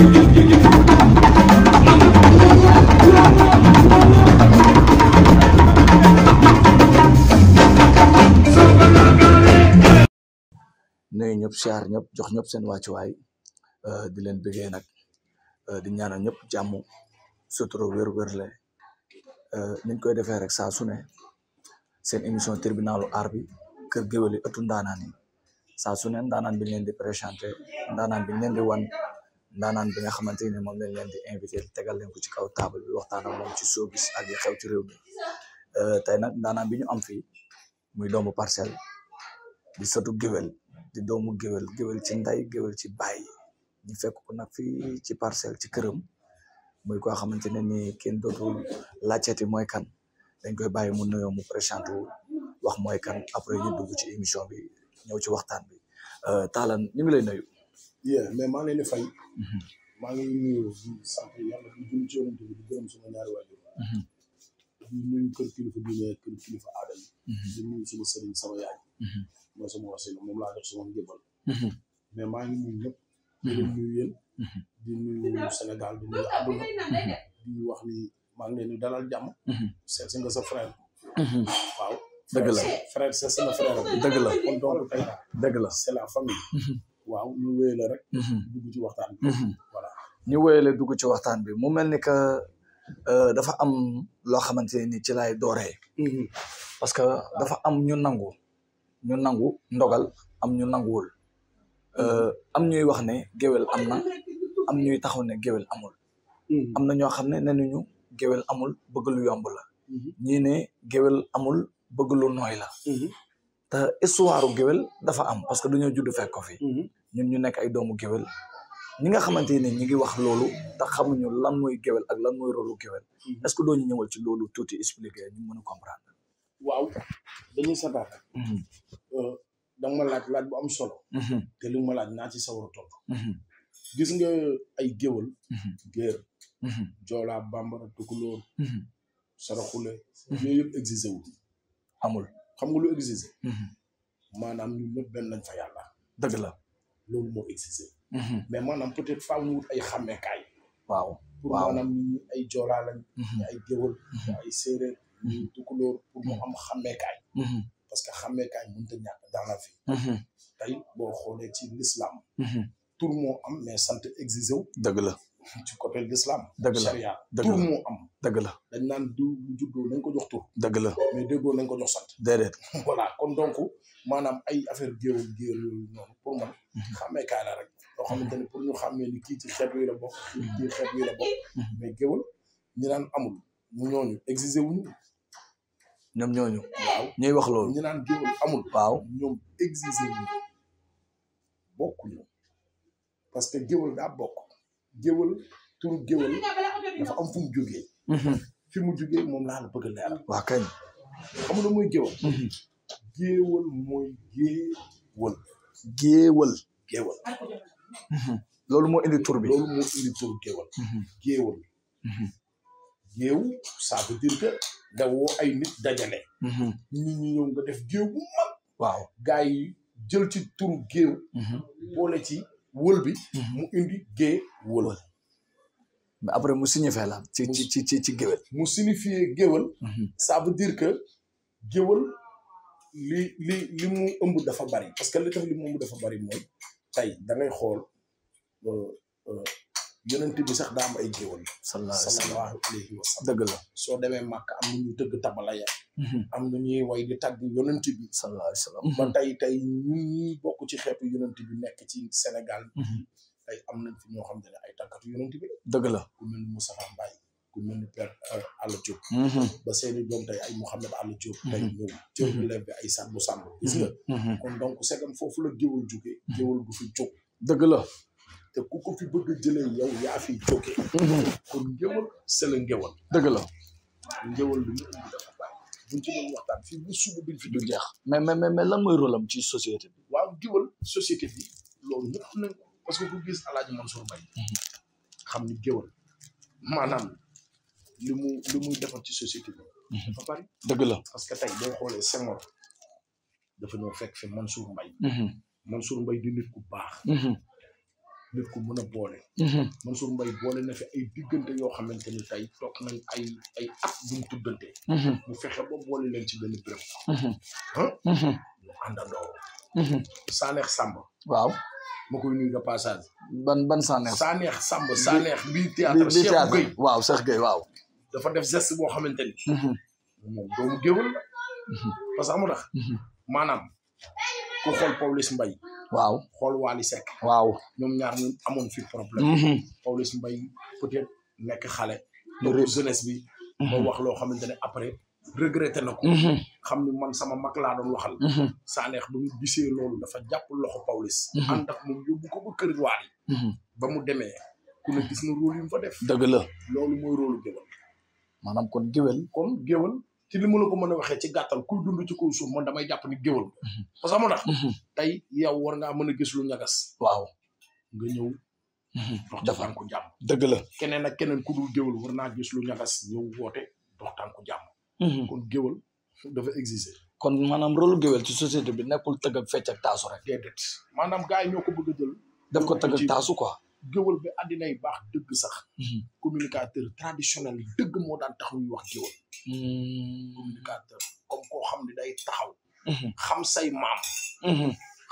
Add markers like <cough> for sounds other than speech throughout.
nuyu ñëpp siyaar ñëpp jox ñëpp seen wàccuwaay euh, di leen bëggee nag euh, di ñaanal ñëpp jàmm suturo wér wér le euh, niñ koy defee rek saa su ne seen émission tribunalu arbi bi kër géwél yi ëttu saa su ne ndaanaan bi ñu leen di présenté ndaanaan bi ñu leen di wan ndaanaan bi nga xamante ne moom lañ leen di invité tegal leen ko ci kaw table bi waxtaan ak moom ci showbiz ak li xew ci réew mi euh, tey nag ndaanaan bi ñu am fii muy doomu parcelle di sotu géwél di doomu géwél géwél ci nday géwél ci baay ñu fekk ko nag fii ci parcelle ci këram muy koo xamante ne ni kenn dootul laajteeti mooy kan dañ koy bàyyi mun nuyoo mu présenté wax mooy kan après ñu dugg ci émission bi ñëw ci waxtaan bi euh, Talla ñu ngi lay nuyu. yeah mais maa ngi leen di fay. Mhm. maa ngi nuyu sant yàlla di gërëm ci yonent bi di gërëm sama ñaari waajur. Mhm. di nuyu kër kilifa diine kër kilifa mhm. di nuyu sama sëriñ sama yaay. mooy sama wasila moom laa def sama njëbal. mais maa ngi nuyu ñëpp. di nuyu Sénégal di nuyu àdduna. di wax ni maa ngi leen dalal jàmm. seet nga sa frère. waaw. dëgg la frère seet sama frère. dëgg la kon donc tey. dëgg la c'est famille. waaw ñu wéyale rek. Mhm. dugg ci waxtaan bi. Mhm. voilà ñu wéyale dugg ci waxtaan bi mu mel ni que euh, dafa am loo xamante ni ci laay dooree. Mhm. parce que dafa am ñu nangu ñu nangu ndogal am ñu nanguwul. Euh, am ñuy wax ne géwél am ñuy taxaw ne géwél amul. am na ñoo xam ne nee géwél amul bëgg lu yomb la. ne géwél amul bëgg lu nooy te histoire géwél dafa am parce que dañoo judd fekk ko fi. Mhm. ñun ñu nekk ay doomu géwél. ñi nga xamante ne ñi ngi wax loolu te xamuñu lan mooy géwél ak lan mooy rôlu géwél mhm. est-ce que doo ñu ñëwal ci loolu tuuti expliquer ñu mën a comprendre. waaw dañu santaat. Mhm. Euh, danga ma laaj laaj bu am solo. u te li ma laaj naa ci sawar a tontu. gis nga ay géwél. géer. joolaa bambara tukulóor. saraxule. yooyu yëpp existé wu. amul. xam nga lu existe mhm. maanaam ñun ñëpp benn nañ fa yàlla dëgg la loolu moo existe mhm. mais maanaam peut-être fa ñu wut ay xàmmeekaay waaw pour maanaam ñu ay joolaa lañ ñu mhm. ay géwël ñu ay séeréer ñu tukulóor pour mu am xàmmeekaay parce que xàmmeekaay mënut te ñàkk dans la vie tey boo xoolee ci l'islam tur moo am mais sant existe wu dëgg la ci côté l'islam dëgg la charia am dëgg la dañ naan diw bu juddoo nañ ko jox tur dëgg la mais déggoo nañ ko jox sant déedéet <laughs> voilà kon donc maanaam ay affaire géewul géer yooyu noonu pour man mhm. xàmmee kaay la rek loo ñu xàmmee kii ci xeet wi la bokk kii ci xeet wi la bokk mhm. naan amul mu ñooñu exigé wuñu ñoom ñooñu waaw ñuy wax loolu ñi naan géwal amul waaw ñoom exigé bokkuñu parce que géwal daa bokk géwal turu géwal am fu mu jógee mhm. fi mu jógee moom laa la bëgg a leeral waa kañ xam nga mooy géwal mhm. géewal mooy géewal mhm. loolu moo indi tur bi loolu moo indi tur géewal géewal géew ça veut dire woo ay nit dajale nit ñi ñëw nga def géew bu waaw gars jël ci turu géew boole ci wël bi. Mhm. mu indi gée wël. après mu signifié la ci ci ci ci ci mu sinifier géwél. Mhm. ça veut dire que géwél li li li mu ëmb dafa bari parce que li tax li mu ëmb dafa bari mooy tey da ngay xool. Euh, euh, yonent bi sax daa am ay géwal. sallallahu alayhi wa sallam dëgg la soo demee màkk am na ñuy tëgg tabala ya mhm. am na ñuy way di tàgg yonent bi. sallallahu ba mhm. tey tey ñun ñuy bokk ci xeetu yonent bi nekk ci Sénégal. Mhm. tey am nañ fi ñoo xam ne ay tàggatu yonent bi. dëgg la ku mel ni Moussa ku mel ni Père euh, Alla ba seeni doom tey ay Mouhamed Alla Diop. tey ñëw jël relève bi ay sàmm sàmm. gis nga. kon donc segam foofu la géwal jógee. géwal du fi jóg. dëgg la. te ku ko fi bëgg jëlee yow yaa fi jógee. Mhm. kon ngéwal seen ngéwal. dëgg la. ngéwal lu ñu indi dafa bàyyi buñ ci doon bu suba bi fi du jeex. mais mais mais lan mooy rôle am ci société bi. waaw ngéwal société bi loolu ñëpp xam nañ ko parce que ku gis El Hadj Mansour mhm. xam ni ngéwal maanaam li mu li muy defar ci société bi. Mhm. dëgg la parce que teg boo xoole Senghor dafa ñëw fekk fi Mansour Mbaye. Mansour Mbaye di nit ku baax. nit ku mën a boole. Mhm. Mansour Mbaye boole na fi ay diggante yoo xamante ni tey toog nañ ay ay at buñ tuddante. Mhm. mu fexe ba boole leen ci benn béréb. ah. mu àndandoo. Sanex Samb. waaw. ma koy nuyu de passage. ban ban Sanex. Sanex Samb Sanex. bii théâtre Cheikh waaw Cheikh Gueye waaw. dafa def geste boo xamante ni. moom doomu géwël la. parce que amu maanaam ku xool Pawlish Mbaye waaw xool Wally Seck. waaw ñoom ñaar ñun amoon fi problème. Mhm. Pawlish Mbaye peut-être nekk xale. loolu jeunesse bi. moo mhm. wax loo xamante ne après regretté na ko. Mhm. xam ni man sama mag laa doon waxal. Sanekh bu mu gisee loolu dafa jàpp loxo Pawlish. ànd ak moom yóbbu ko ba kër Wally. ba mu demee ku ne gis na rôle yu fa def. dëgg loolu mooy rôle géwél. maanaam kon géwél. kon géwél. ci li ma la ko mën a waxee ci gàttal ku dund ci kaw suuf man damay jàpp ni géwal mhm. parce que amoon tax mhm. tey yow war ngaa mën a gis lu ñagas waaw nga ñëw mhm. dox tànku jàmm dëgg la keneen ak keneen ku dul géwal war naa gis lu ñagas ñëw woote dox tànku jàmm kon géwal dafa exister kon maanaam rôle géwel ci société bi nekkul tëgg ak fecc ak taasu rek déedéet maanaam gars yi ñoo ko bëgg a jël daf ko tëgg ak taasu quoi géwal bi àddina yi baax dëgg sax mhm. communicateur traditionnel dëgg moo daan tax ñuy wax géwal mhm. communicateur comme koo xam ne day taxaw mhm. xam say maam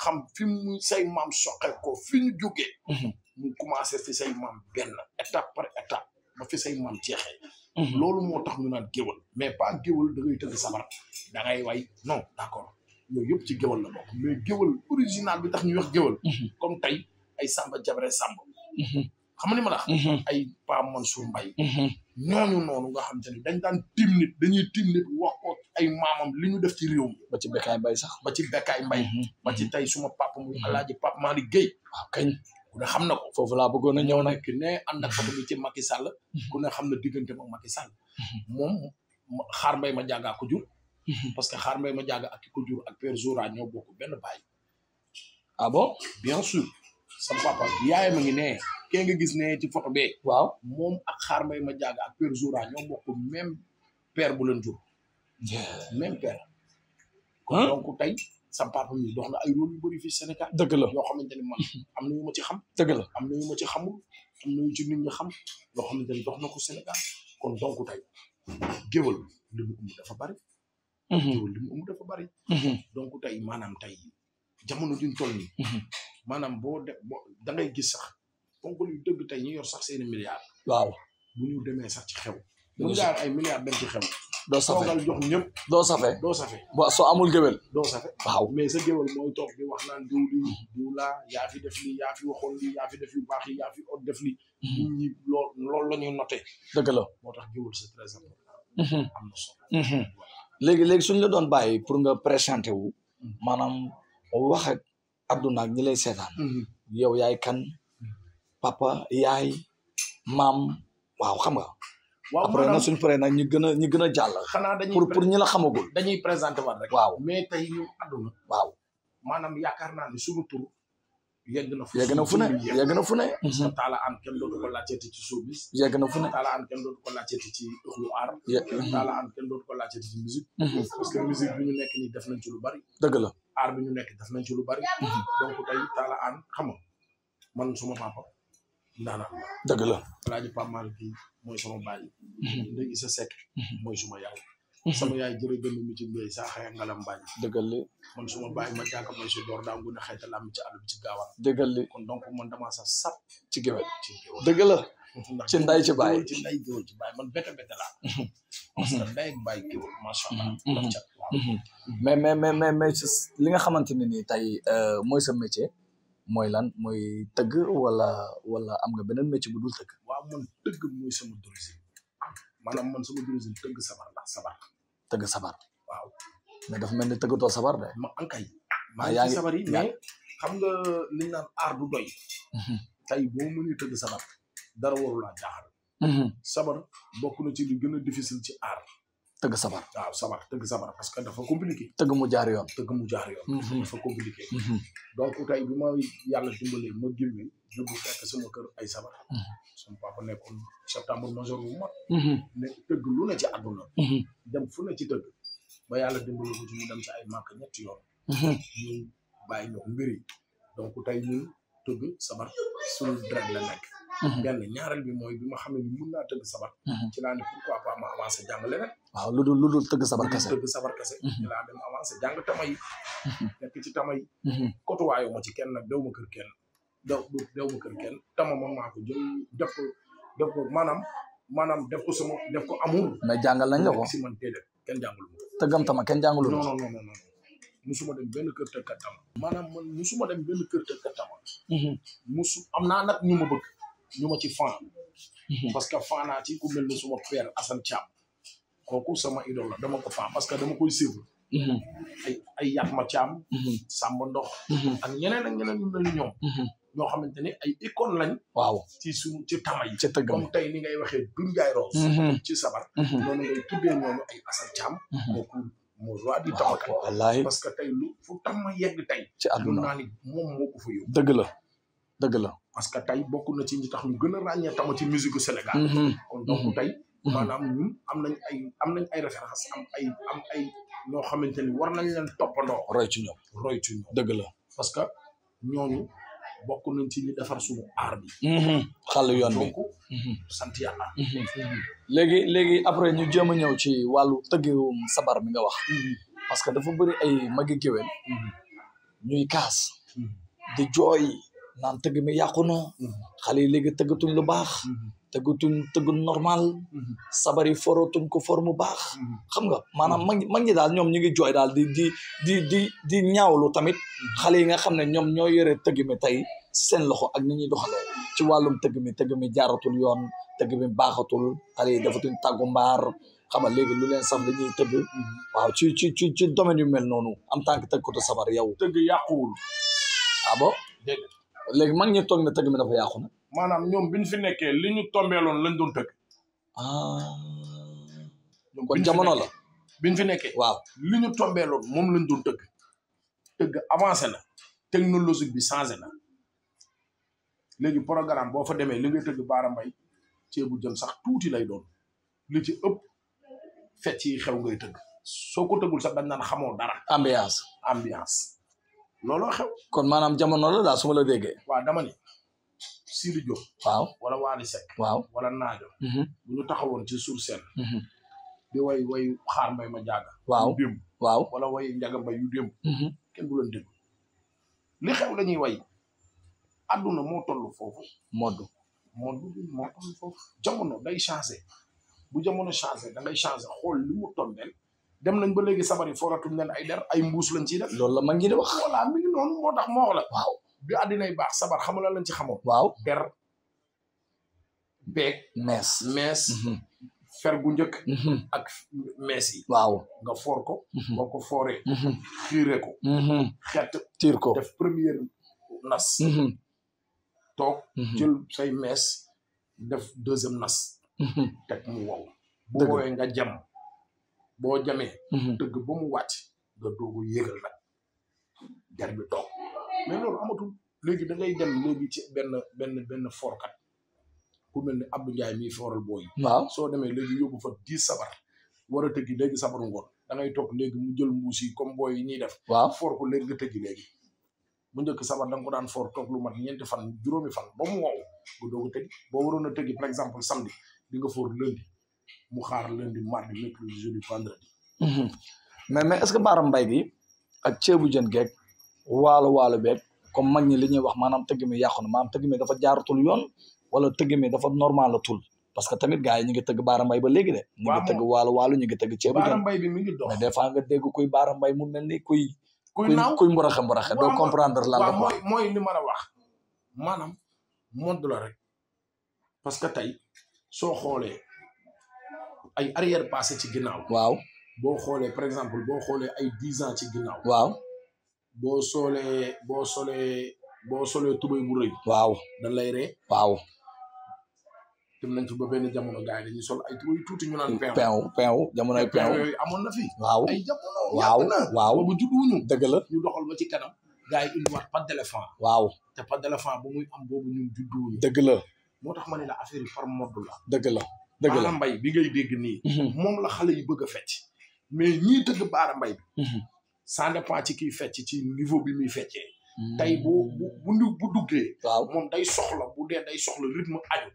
xam fi mu say maam soqe ko fi ñu jógee mu commencé fi say maam benn étape par étape say maam jeexee loolu moo tax ñu naan géwal mais pas géwal da ngay da ngay way non d'accord yooyu yëpp ci géwal la bokk mais wax géwal comme tey ay samba jabare samba xam ni ma la ay Pa Mansour Mbaye ñooñu noonu nga xam te ne dañ daan tim nit dañuy tim nit wax ko ay maamam li ñu def ci réew mi ba ci Bekkaay Mbaye sax ba ci Bekkaay Mbaye ba ci tey suma papa muy alaaji Pape Malick Guèye waaw kañ ne xam na ko foofu laa bëggoon a ñëw nag ne ànd ak foto ci Macky Sall ku ne xam na diggante moom Macky Sall moom xaar mbay ma jàngaa ko parce que xaar mbay ma jànga ak ki ko jur ak Père Zora ñoo bokk benn baay ah bon bien sûr sama papa yaayam a ngi ne kee nga gis ne ci photo bee waaw moom ak xaar may ma jaaga ak père Zoura ñoo bokk même père bu leen jur même père kon donc tey sama papa mi dox na ay rôle yu bëri Sénégal dëgg la yoo xamante ne man am na yu ma ci xam dëgg am na yu ma ci xamul am na yu ci nit xam yoo xamante ne dox na ko Sénégal kon donc tey géwal li mu ëmb dafa bari mm-hmm. géwal dafa bari mm-hmm. donc tey maanaam tey jamono juñ toll nii. Mhm. maanaam boo de boo da ngay gis sax ponk yu dëgg tey ñu yor sax seeni milliards. waaw bu ñu demee sax ci xew. mu jaar a milliards dem ci xew. doo safe toogal jox ñëpp. doo safe doo safe. waaw soo amul géwél. doo safe waaw mais sa géwél mooy toog di wax na diw lii mhm. diw laa yaa fi def lii yaa fi waxoon lii yaa yu baax yi yaa fi ot def lii. Mhm. nit ñi lool loolu la ñuy noté. dëgg moo tax géwél c'est très important. am na léegi léegi suñ la doon bàyyi pour nga présenté wu maanaam. wax ak adduna ak ñi lay seetaan mm-hmm. yow yaay kan papa yaay maam waaw xam nga waaw après nag suñ paree nag ñu gën a ñu gën a jàll xanaa dañuy pour pour ñi la xamagul dañuy présenté waat rek waaw mais tey ñu adduna waaw maanaam yaakaar naa ne suñu tur yegg na fu yegg na fu ne yegg na fu ne mm-hmm. taala am kenn dootu ko laajteeti ci showbiz na fu ne taala am kenn dootu ko laajteeti ci ëxlu aar taala am kenn dootu ko mm-hmm. def nañ ci lu bari dëgg la aar bi ñu nekk def na ci lu bari. donc tey taala aan xam nga man suma papa ndaanaan la. dëgg la Alaaji Pape kii mooy suma baay. léegi sa sekk. mooy suma yaay. Mhm. sama yaay jërëjëf mi ci mbéy saa xëy ngalam bàyyi. dëggal li man suma bàyyi ma jàkka may si door daa ngun a xëy te làmb ci àll bi ci gaawaan. dëggal kon donc man damaa sa sap ci géwél. ci ci nday ci baay ci nday géwël ci baay man bete bete laa parce que mhm, nday mhm, mhm, mais mais mais mais mais li nga xamante ne nii tey euh, mooy sa métier mooy lan mooy tëgg wala wala am nga beneen métier bu dul tëgg waaw man tëgg mooy sama d'origine maanaam sama tëgg sabar la sabar tëgg sabar waaw mais dafa mel ni tëggatoo sabar de ma ankay ah, maa ngi sabar xam nga liñ naan aar du doy tey boo mënee tëgg sabar dara waru laa jaaxal. Mhm. sabar bokk na ci li gën a difficile ci aar. tëgg sabar waaw sabar tëgg sabar parce que dafa compliqué. tëgg mu jaar yoon tëgg mu jaar yoon. Mhm. dafa compliqué. Mhm. donc tey bi ma yàlla dimbalee ma gimmi yóbbu fekk sama kër ay sabar. sama papa nekkoon septembre major bu mat. ne tëgg lu ne ci àdduna. dem fu ne ci tëgg. ba yàlla dimbale ko ci mu dem ci ay màkk ñu bàyyi donc tey ñun tëgg sabar suñu deret la ñaareel bi mooy bi ma xam ne ni mun naa tëgg sabar mhm. ci laa ne pourquoi pas ma avancé jàng leneen waaw lu dul lu dul tëgg sabar kese tëgg sabar kese mhm. ci laa dem avancé jàng tama yi mhm. nekk ci tama yi kotuwaayu ma nag daw ma kër kenn daw ma kër kenn tama man maa ko jël def ko def ko maanaam maanaam def ko sama def ko amul mais jàngal nañ la tëggam tama kenn jàngulu non non non non musuma dem benn kër te kattama maanaam man musuma dem benn kër te kattama mhm. musu am naa nag ñu ma bëgg ñu ma ci fan mhm. parce que faanaa ci ku mel ni suma père Assane Thiam kooku sama idole la dama ko faa mhm. Samba Ndox ak ñeneen ak ñeneen ñu mel ni ñoom ñoo xamante ne ay icône lañ. waaw ci suñu ci tama yi. ca tëggam comme tey ni ngay waxee Doudou Ndiaye Rose. ci sabar. noonu ngay tuddee ñooñu ay Assane Thiam. kooku moo roi du tamakat ah, wallaahi parce que tey lu fu tax ma yegg tey ci àdduna naa mo moom moo ko fa dëgg la dëgg la parce que tey bokk na ci ñi tax ñu gën a ràññee tama ci musique Sénégal mm-hmm. kon donc mm-hmm. tey mm-hmm. maanaam ñun am nañ ay am nañ ay référence am ay am ay ñoo xamante ni war nañ leen toppandoo roy ci ñoom roy ci ñoom dëgg la parce que ñooñu bokk nañ ci ñu defar suñu aar bi. Mhm. xàll yoon bi donc mhm. sant mhm. léegi léegi après ñu jéem a ñëw ci wàllu tëggewum sabar mi nga wax. parce que dafa bëri ay magi géwél ñuy kaas. di jooy naan tëgg mi yàqu na. xale yi léegi tëggatuñ lu baax. tëggutuñ tëggu normal mhm. sabar yi forotuñ ko for mu baax mhm. xam nga maanaam mhm. mag mag ñi daal ñoom ñu ngi jooy daal di di di di di ñaawlu tamit xale yi nga xam ne ñoom ñoo yore tëgg mi tey si loxo ak ni ñuy doxalee ci wàllum tëgg mi tëgg mi jaaratul yoon tëgg mi baaxatul xale yi dafatuñ tàggu mbaar xam nga léegi lu leen sax dañuy tëgg waaw ci ci ci ci domaine yu mel noonu en tant que tëggkatu sabar yow tëgg yàquwul ah bon léegi mag ñi toog ne tëgg mi dafa yàqu maanaam ñoom bi ñu fi nekkee li ñu tombeeloon lañ doon tëgg. ah. kon jamono la bi fi nekkee. waaw li ñu tombeeloon moom lañ doon tëgg. tëgg avancé na technologie bi changé na léegi programme boo fa demee li nga tëgg Baara Mbay ceebu jëm sax tuuti lay doon li ci ëpp fecc ci xew ngay tëgg. soo ko tëggul sax dañ naan xamoo dara. ambiance ambiance. looloo xew. kon maanaam jamono la daal la déggee. waaw dama Sidi Diop. waaw wala Waly Seck. waaw walla Naajo. Mm-hmm. bu ñu taxawoon ci suur seen. Mm-hmm. di way way xaar mbay ma jaaga. waaw yu waaw wala way njaga mbay yu démb. Mm-hmm. kenn du leen dégg li xew la ñuy way adduna moo toll foofu. modd modd moo toll foofu. jamono day changé bu jamono changé da ngay xool li mu tondeel dem nañ ba léegi sabari fooratuñ leen ay der ay mbuus lañ ciy def. loolu la ma ñi di wax. voilà mi ngi noonu moo tax moo bi yi baax sabar xamul la lañ ci xamoon. waaw per beeg. mees mees. fer mhm. gu njëkk. Mhm. ak mees waaw nga foor ko. Mhm. boo ko fooree. xiire ko. xet tiir ko def première nas. toog jël say mees def deuxième nas. teg mu wow. bu woowee nga jam boo jamee. dëgg ba mu wàcc nga doogu yéegal nag der bi toog. mais loolu amatu léegi dangay dem léegi ci benn benn benn forkat ku mel ne Abdou Ndiaye mii foral booy. waaw soo demee léegi yóbbu fa dix sabar war a tëggi léegi sabaru ngoon da ngay toog léegi mu jël mbuus yi comme booy yi ñuy def. waaw for ko léegi nga tëggi léegi. bu njëkk sabar da ko daan for toog lu mat ñeenti fan juróomi fan ba mu wow nga doog a waroon a teggi par exemple samedi di nga for lundi mu xaar lundi mardi mercredi jeudi vendredi. Mhm. mais mais est ce que baaram mbay bi ak ceebu jën geeg waalo waalo beeg comme mag ñi li ñuy wax maanaam tëgg mi yàqu na maanaam tëgg mi dafa jaarutul yoon wala tëgg mi dafa normal tul parce que tamit gars yi ñu ngi tëgg baara mbay ba léegi de ñu ngi tëgg waalo waalo ñu ngi tëgg ceebu jën mais des fois nga dégg kuy baara mbay mu mel ni kuy kuy naaw kuy mburaxe mburaxe doo comprendre lan la mooy mooy li ma la wax maanaam mond la rek parce que tey soo xoolee ay arrière passé ci ginnaaw waaw boo xoolee par exemple boo xoolee ay dix ans waaw boo soolee boo solee boo solee tubéy bu rëy. waaw dañ lay ree. waw dem nañ fi ba benn jamono gars yi sol ay tubéy tuuti ñu naan. peew peew peew jamonoy peew yooyu amoon na fi. waaw ay jamono. waaw waaw bu judduwuñu. dëgg la ñu doxal ma ci kanam. gars yi indiwaat pas d'éléphant. waaw te pas d'éléphant bu muy am boobu ñun judduwuñu. dëgg la moo tax ma ne la affaire yi par mode la. dëgg la dëgg mbay bi ngay dégg nii. Mhm. moom la xale bëgg a fecc. mais ñii tëgg baara mbay ça dépend ci kiy fecc ci niveau bi muy feccee. Hmm. tey bu bu bu bu duggee. waaw moom day soxla bu dee day soxla rythme aju.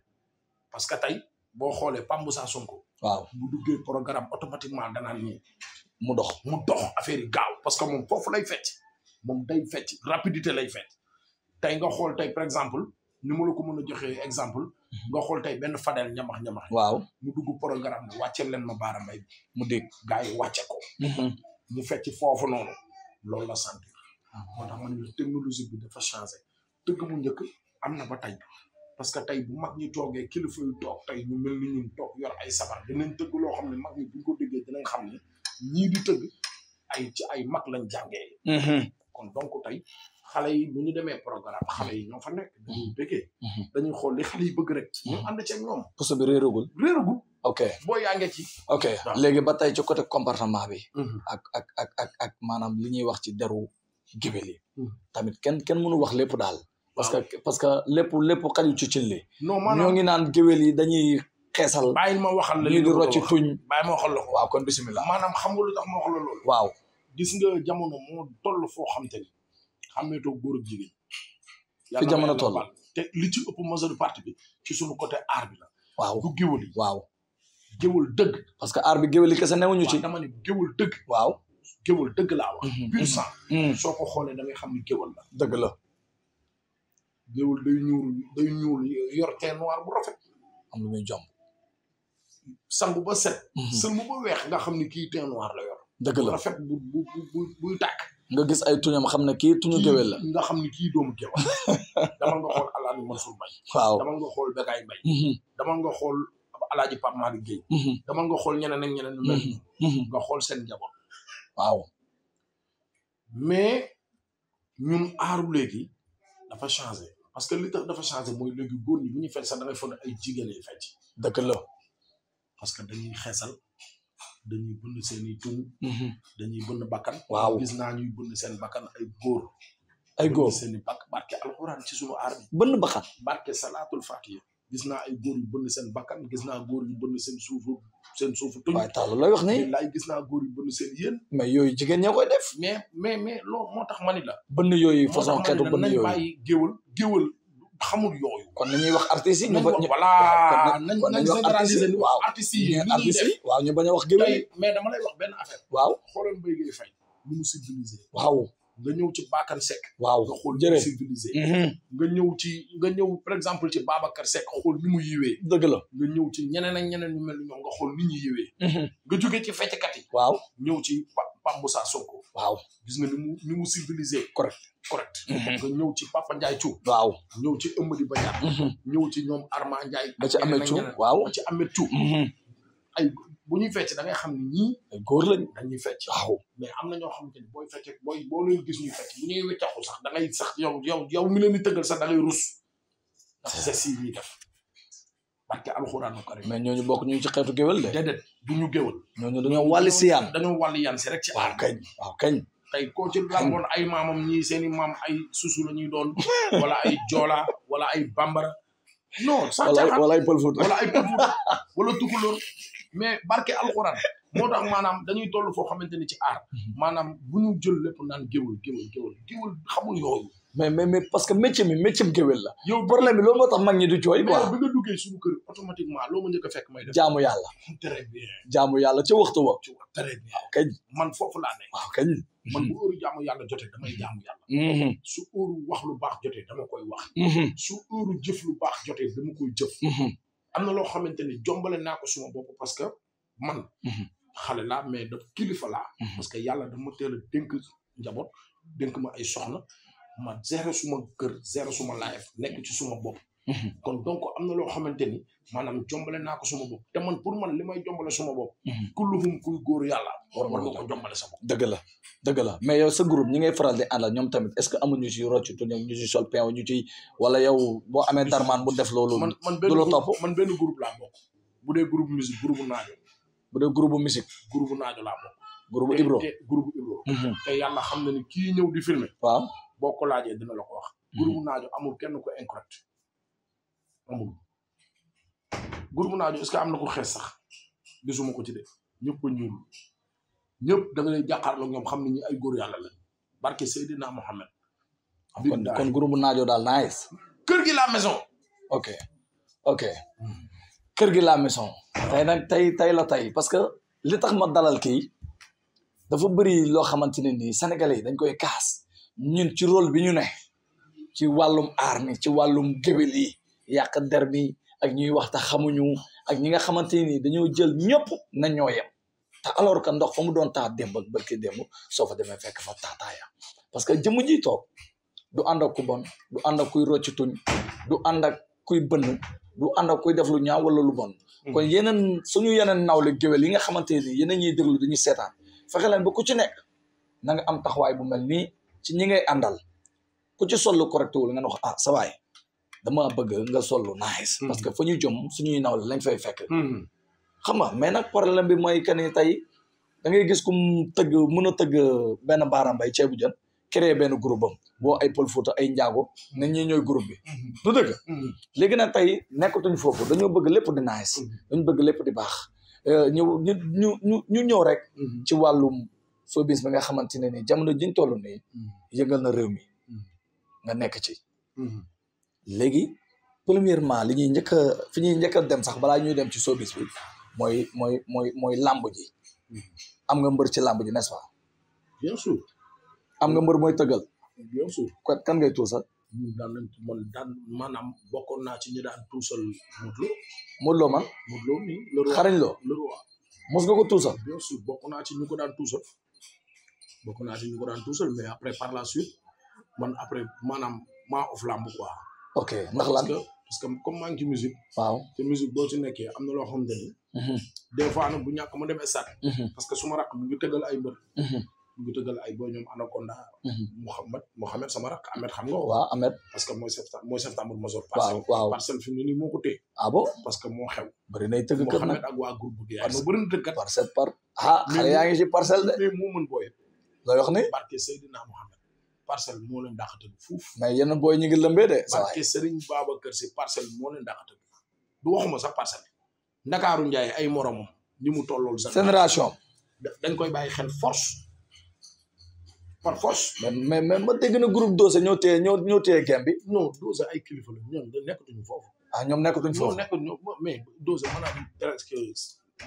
parce que tey boo xoolee Pape Moussa Sonko. waaw bu duggee programme automatiquement danaan nii mu dox mu dox affaire gaaw parce que mom foofu lay fecc moom day fecc rapidité lay fecc tey nga xool tey par exemple ni mu la ko mën a joxee exemple. Hmm. nga xool tey benn fadel ñamax ñamax. waaw mu dugg programme bi wàcceel leen ma baara mbay mu dégg gars yi wàcce ko. Hmm. mu fecc foofu noonu loolu la sentir moo tax man technologie bi dafa changé dëgg mu njëkk am na ba tey parce que tey bu mag ñi toogee kilifa toog tey ñu mel ni toog yor ay sabar dinañ tëgg loo xam ne mag ñi buñ ko déggee dinañ xam ne ñii di tëgg ay ci ay mag lañ jàngee mm-hmm. kon donc tey xale yi bu ñu demee programme hmm. xale yi ñoo fa nekk hmm. dañuy bëggee hmm. dañuy xool li xale yi bëgg rek ñu ànd ceeg ñoom puso bi réeragul réeragul ok boo yaa ngi ci ok léegi ba tey ci côté comportement bi ak ak ak ak ak maanaam li ñuy wax ci deru géwél yi tamit kenn kenn mënu wax lépp daal parce que parce que lépp lépp xaju ci cin li non maanaam ñoo ngi naan géwél yi dañuy xeesal bàyyil ma waxal la ñu di rocci tuñ bàyyi ma waxal kon bisimilah maanaam xam nga lu ma waxal la loolu waaw gis nga jamono moo toll foo xam te xàmmeetoo góor ak jigéen. fi jamono toll te li ci ëpp majorité partie bi ci suñu côté aar bi la. waaw du géwël yi waaw. géwël dëgg. parce que aar bi géwël yi kese newuñu ci. dama ne géwël dëgg. waaw géwël dëgg laa wax. Mhm, pur mhm. sang. Mm. soo ko xoolee da xam ni géwël la. dëgg la. géwël day ñuul day ñuul yor teint noir bu rafet. am lu muy jomb. sangu ba set. Mhm. sëlmu ba weex nga xam ni kii teint noir la yor. dëgg la rafet bu bu bu buy tàkk. nga gis ay tuñam xam ne kii tuñu géwél la nga xam ne kii doomu géwél <laughs> dama nga xool Alaaji Mansour Mbaye waaw dama nga xool Bekaay Mbaye mm-hmm. dama nga xool Alaaji Pape Malick Gueye mm-hmm. dama nga xool ñeneen ak ñeneen ñu mel mm-hmm. nga xool seen njaboot waaw mais ñun aaru léegi dafa changé parce que li tax dafa changé mooy léegi góor ñi bu ñu fecc sax da ngay ay jigéen lay fecc dëkk la parce que dañ xeesal dañuy bënn seen i tuñ mhm. dañuy bënn bakkan waaw gis naa ñuy bënn seen bakkan ay góor ay góor seen i bakk barke alxuraan ci suñu aar bi bënn bakkan barke salaatul fatiha gis naa ay góor yu bënn seen bakkan gis naa góor yu bënn seen suufu seen suufu tuñ waaye taal lay wax ni laay gis naa góor bënn seen yéen mais yooyu jigéen ñoo def mais mais mais loo moo tax ma ni la bënn yooyu façon xeetu bënn yooyu nañ bàyyi géwal géwal xamul yooyu. kon nañuy wax artistes yi. ñu bañ voilà nañ nañ wax artistes yi. artistes yi waaw a benn affaire. waaw xoolal Mbaye Gueye Faye lu mu civilisé. waaw nga ñëw ci Bakar Seck. waaw nga xool jërëjëf civilisé. Mhm. nga ñëw ci nga ñëw par exemple ci Babacar Seck xool ni mu yiwee. dëgg la nga ñëw ci ñeneen ak ñeneen ñu mel ni ñoom nga xool ni ñu yiwee. Mhm. nga jógee ci fecckat yi. waaw ñëw ci Pape Moussa Sonko. waaw gis nga ni mu ni mu civilisé. correct correct. Mhm. nga ñëw ci Papa Ndiaye Thiou. waaw ñëw ci ba Badiane. Mhm. ñëw ci ñoom Arma Ndiaye. ba ci Ameth Thiou waaw ba ci Ameth Thiou. Mhm. ay bu ñuy fecc da ngay xam ni ñii. ay góor lañ dañuy fecc. waaw mais am na ñoo xamante ni booy fecc booy boo leen gis ñuy fecc bu ñuy weccaxu sax da ngay sax yow yow yow mi leen di tëggal sax da ngay rus. ndax si ñuy def. parce que alxuraanu karim mais ñooñu bokk ñu ci xeetu géwél de déedéet bu ñu géwél ñooñu dañoo wàlli si yaan dañoo wàlli yaan si rek ci waaw kañ waaw kañ tey ay maamam ñii seen i maam ay susu la ñuy doon wala ay joola wala ay bambara non sans caaxaan ay pëlfut wala ay pëlfut wala tukulóor mais barke alxuraan moo tax maanaam dañuy toll foo xamante ni ci aar mhm. maanaam bu ñu jël lépp naan géwul géwul géwul géwul xamul yooyu mais mais mais parce que métier mi métier mi géwél la. yow problème yàlla. <laughs> très bien. jaamu yàlla man foofu laa ne. waaw kañ. man bu óoru mhm. jaamu yàlla jotee damay jaamu yàlla. Mhm. su óoru wax lu baax jote dama koy wax. Mhm. su óoru jëf baax jotee dama koy jëf. am na loo xamante ni jombale naa ko suma bopp parce que man. xale laa mais daf kilifa laa. parce que yàlla dama teel a dénk njaboot dénk ma ay soxna ma gérer suma kër gérer suma life nekk ci suma bopp. Mhm. kon donc am na loo xamante ni maanaam jombale naa ko suma bopp te man pour man li may jombale suma bopp. Mhm. kulluhum kuy góor yàlla. war war nga ko jombale sa bopp. dëgg la dëgg la mais yow sa groupe ñi ngay faral de àndal ñoom tamit est-ce que amuñu rocc tu ñu ci sol peew ñu wala yow boo amee darmaan bu def loolu. man man benn groupe man benn groupe laa bokk. bu de groupe musique groupe naajo. bu dee groupe musique. groupe naajo laa bokk. groupe Ibro te groupe mhm. boo ko laajee dina la ko wax. Hmm. groupe naajo amul kenn ko incorrect amul groupe naajo est-ce am na ko xees sax gisuma ko ci de ñëpp a ñëpp da nga leen jàkkaarloo ñoom xam ne ñi ay góor yàlla lañ barke Seydina Mohamed. Ah, kon kon groupe naajo daal nice kër gi la maison. ok ok kër gi la maison. tey nag tey tey la tey parce que li tax ma dalal kii dafa bëri loo xamante ne nii sénégalais yi dañ koy kaas. ñun ci role bi ñu ne ci wàllum aar mi ci wàllum géwél yi yàq der bi ak ñuy wax te xamuñu ak ñi nga xamante ni dañoo jël ñëpp na ñoo yem te alors que ndox fa mu doon taa démb ak barki démb soo fa demee fekk fa taataaya parce que jëmm ji toog du ànd ak ku bon du ànd ak kuy rocci tuñ du ànd ak kuy bënn ànd kuy def lu ñaaw wala lu bon. Hmm. kon yeneen suñu yeneen nawle géwél yi nga xamante ni yeneen ñuy déglu dañuy seetaan fexe leen ba ci nekk na nga am taxawaay bu mel nii. ci ñi ngay àndal ku ci sollu correct wul nga ne wax ah sa waay dama bëgg nga sollu nice hmm. parce que fa ñu jom suñuy naw lañ fay fekk hmm. xam nga mais nag la bi mooy que ni tey da ngay gis ku tëgg mën a tëgg benn baaraam bay ceebu jën créer benn groupe boo ay Pël Fuuta ay njaago ne ñi ñooy groupe bi hmm. du dëgg léegi nag tey nekkatuñ foofu dañoo bëgg lépp di nice dañu bëgg lépp di baax euh, ñu ñu ñu ñu ñëw rek ci wàllum showbiz bi nga xamante ne nii jamono jiñ toll nii hmm. yëngal na réew mi hmm. nga nekk ci hmm. léegi premièrement li ñuy njëkk a fi ñuy njëkk a dem sax balaa ñuy dem ci showbiz bi mooy mooy mooy mooy lamb ji am nga mbër ci làmb ji n'est-ce pas am nga mbër mooy tëggal bien sûr kon kan ngay tuusal ñun daan nañ maanaam bokkoon naa ci ñu daan tuusal Modou Lo Modou Lo man Modou Lo loo mos nga ko tuusal bien bokk naa ci ñu ko daan tuusal bokk naa si ñu ko mais après par la suite man après maanaam maa of lamb quoi. ok ndax lan parce que comme maa ngi ci musique. boo ci nekkee am na loo xamante ni. Mhm. des fois nag bu ñàkk ma dem stade. Mhm. parce que su ma rakk mu ngi tëggal ay mbër. Mhm. mu ngi ñoom Anaconda. Mouhamed Mouhamed sama rakk Ahmed xam nga. waaw Ahmed parce que mooy septembre mooy septembre major. ne nii moo ko téye. ah bon parce que moo xew. bëri nay tëgg kër nag Mouhamed ak waa groupe bi. parce que bëri na tëgg kat. parcelle par ah xale yaa ngi ci parcelle de. mais moo looy wax ni barke Seydina Mohamed parcelle moo leen dàqatagu fuuf mais yenn booy ñu ngi lëmbee de barke Serigne Babacar si parcelle moo leen dàqatagu du waxuma sax parcelle ndakaaru njaay ay moromam ni mu tollool sax génération dañ koy bàyyi xel force par force mais mais ma dégg na groupe Dose ñoo téye ñoo ñoo téye gem bi non Dose ay kilifa la ñoom nekkatuñu foofu a ah, ñoom nekkatuñu foofu nekkatuñu mais Dose maanaam presque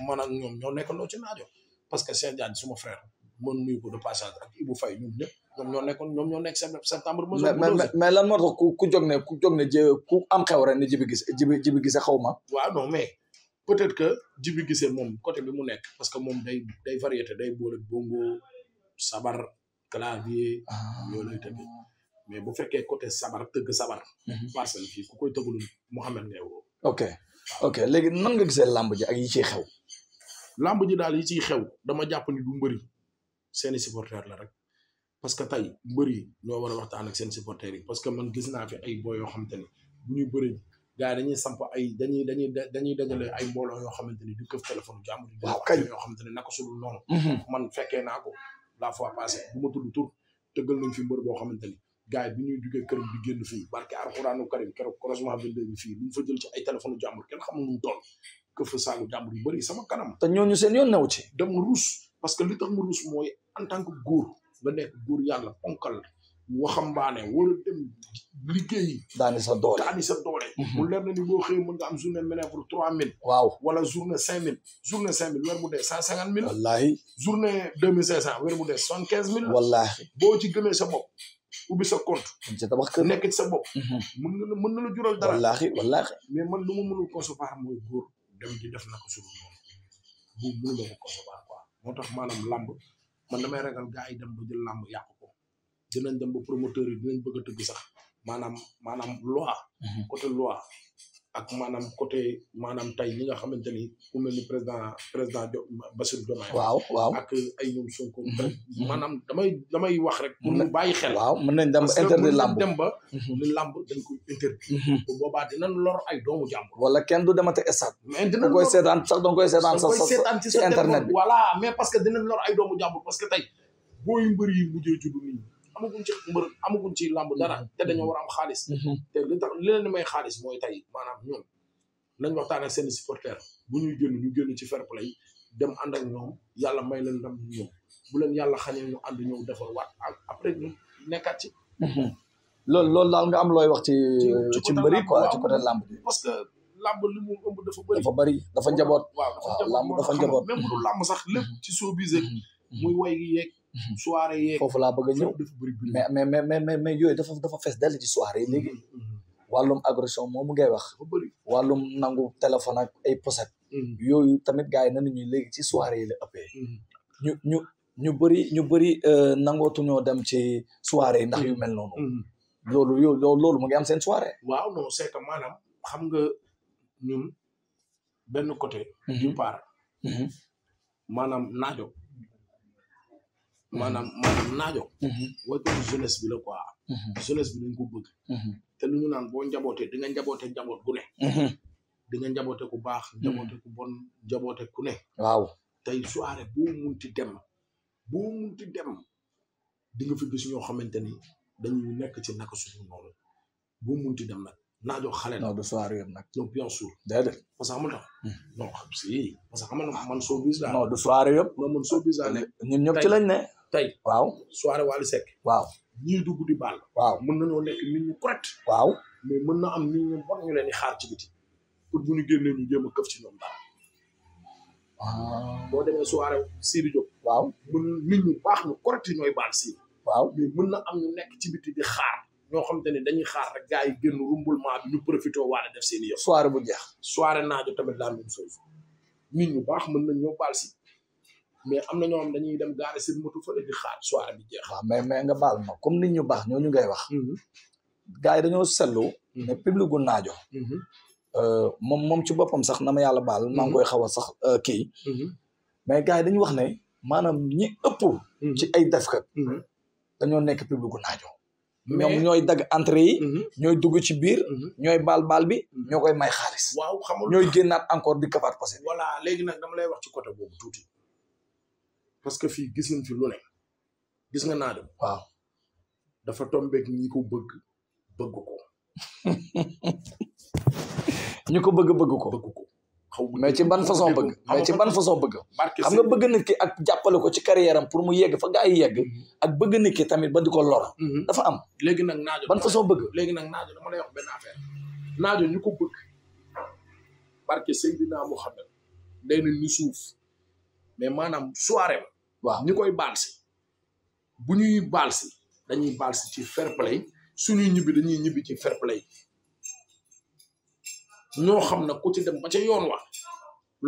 maanaam ñoom ñoo nekkaloo ci naajo parce que Cheikh Diagne suma frère mën nuyu ko de passage ak Ibou Faye ñoom ñëpp ñoom ñoo nekkoon ñoom ñoo nekk septembre. ma mais mais lan moo tax ku ku jóg ne ku jóg ne ku am xew rek ne Djibi Guissé Djibi Djibi Guissé xaw ma. waaw non mais peut-être que Djibi Guissé moom côté bi mu nekk parce que moom day day variété day boole bongo sabar clavier. Ah. yoo lay tëgg mais bu fekkee côté sabar tëgg sabar. Mhm. parcelle fii ku koy tëggul Mouhamed ngay woo. ok ok léegi nan nga gisee làmb ji ak yi ciy xew. làmb ji daal yi ciy xew dama jàpp ni du mbëri. seeni supporter la rek parce que tey mbër yi ñoo war a waxtaan ak seen supporter yi parce que man gis naa fi ay boo yoo ni bu ñuy bëri gars yi samp ay dañuy dajale ay mbooloo yoo xamante ni di këf téléphone jàmbur di waaw xamante ni naka sulul noonu mhm. man fekkee la fois passée bu ma tudd tëggal nañ fi mbër boo xamante ni gars yi bi ñuy kër bi génn fii barke alxuraanu karim kenn xamul nu mu këf saagu jàmbur yu bëri sama kanam te ñooñu seen yoon parce que li tax ma ruus mooy en tant que góor nga nekk góor yàlla ponkal waxambaane war a dem liggéeyi. daani sa doole daani sa doole. Mhm. mu leer na ni boo xëyee mën nga am journée manœuvre trois mille. waaw wala journée cinq mille. journée cinq mille weer mu dee cent cinquante mille. wallaahi journée deux mille cinq cent mu dee boo ci gëmee sa bopp. ubbi sa compte. ci tabax kër nekk sa bopp. Mhm. mën na la mën na la jural dara. wallaahi mais man lu ma mënul concevoir mooy góor dem di def naka suñu noonu bu mënul a ko moo tax maanaam làmb man damay ragal gars yi dem ba jël làmb yàq ko dinañ dem ba promoteur yi dinañ bëgg a tëgg sax maanaam maanaam loi mhm. côté loi ak maanaam côté maanaam tey ñi nga xamante ni ku mel ni président président Bassirou Diomaye. waaw waaw ak ay ñoom Sonko. Mm-hmm. Mm-hmm. maanaam damay damay wax rek. mun mm-hmm. ñu bàyyi xel. waaw mën nañ dem interdit làmb dem ba. ni làmb dañ koy interdit. bu boobaa dinañ lor ay doomu jàmbur. wala kenn du demate stade. mais dinañ koy seetaan sax da nga koy seetaan sax ci internet bi voilà mais parce que dinañ lor ay doomu jàmbur parce que tey booy mbër yi mujjee juddu amaguñ ci mbër amaguñ mhm. te dañoo war a am xaalis mhm. te xaalis mooy tey maanaam ñoom nañ waxtaan ak seen bu ñuy génn ñu génn ci fair play dem ànd ak yàlla may leen ndam ñu ñëw bu leen yàlla xañee ñu ànd ñëw defar waat après ñu nekkaat mhm. loolu loolu daal nga am looy wax ci ci mbëri quoi ci bi parce que làmb li mu ëmb dafa bari dafa bëri njaboot waaw dafa njaboot làmb dafa njaboot même bu dul làmb sax lépp ci showbiz muy way yeeg Mhm. soirée yeeg foofu laa bëgg a ñëw mais mais mais mais mais yooyu dafa dafa fees dell ci soirée yi léegi mhm. Mhm. wàllum agression moomu ngay wax wàllum nangu téléphone ay poset yooyu tamit gars yi na ñuy léegi ci soirée yi la ëppee ñu ñu ñu bëri ñu bëri euh, nangootuñoo dem ci soirée yi ndax yu mel noonu loolu loolu mu ngi am seen soirée waaw non c'est que maanaam xam nga ñun benn côté du part maanaam naajo Mm-hmm. maanaam maanaam naajo. wàllu mm-hmm. jeunesse bi la quoi. Mm-hmm. jeunesse bi dañ ko bëgg. te lu ñu naan boo njabootee di nga njaboote njaboot gu ne. di baax. njaboote ku bon njaboote ku ne. te tey soirée boo munti dem boo munti dem di nga fi gis ñoo xamante ni dañuy nekk ci naka suñu noonu boo munti dem nag naajo xale la. non du soirée yëpp nag. non bien sûr. déedéet parce que amul tax. non si parce que du soirée yëpp. non man showbiz laa ñun ñëpp ci lañ ne. tey waaw soirée Wally Seck waaw ñii dugg di baal waaw mën nañoo nekk nit ñu correct waaw mais mën na am nit ñu bon ñu leen pour bu ñu génnee ñu jéem a këf ci ah. demee soirée Sidi waaw mën nit ñu baax ñu correct ñooy baal waaw mais mën na am ñu nekk ci biti di xaar ñoo xam te ne dañuy xaar rek gars yi génn rumblement bi ñu profité waale def seen i yëf soirée bu jeex soirée naajo tamit la même chose nit ñu baax mën na ñoo baal si mais am na ñoo xam dañuy dem gaare seen moto fële di xaar soirée bi jeex. waaw mais mais nga baal ma comme nit ñu baax ñooñu ngay wax. Mm-hmm. gars yi dañoo seetlu. Mm-hmm. ne public gu naajo. Mm-hmm. Euh, moom moom ci boppam sax na ma yàlla baal. maa koy xaw a sax euh, kii. mais gars yi dañu wax ne maanaam ñi ëpp. ci ay defkat. dañoo nekk public gu naajo. ñooy dagg entrée yi. ñooy dugg ci biir. ñooy baal baal bi. ñoo koy may xaalis. waaw xamul ñooy génnaat encore di kafaat posé. wala léegi nag dama lay wax ci côté boobu tuuti. parce que fii gis nañ fi lu ne gis nga naa dem waaw dafa tombeek ñi ko bëgg bëgg ko <laughs> ñu ko bëgg bëgg ko bëgg ko xaw mais ci ban façon bëgg mais ci ban façon bëgg xam ga bëgg nit ki ak jàppale ko ci carrière am pour mu yeg fa gaa yi yegg mhm. ak bëgg nit ki tamit ba di ko lor mhm. dafa am léegi nag naajo ban façon bëgg léegi nag naajo dama lay wax benn affaire naajo ñu ko bëgg barke Seydina Muhammad day na ñu suuf mais maanaam soirée ba waaw ñi koy baal si bu ñuy baal si dañuy baal si ci fair play suñuy ñibbi dañuy ñibbi ci fair play ñoo xam ne ku ci dem ba ca yoon wa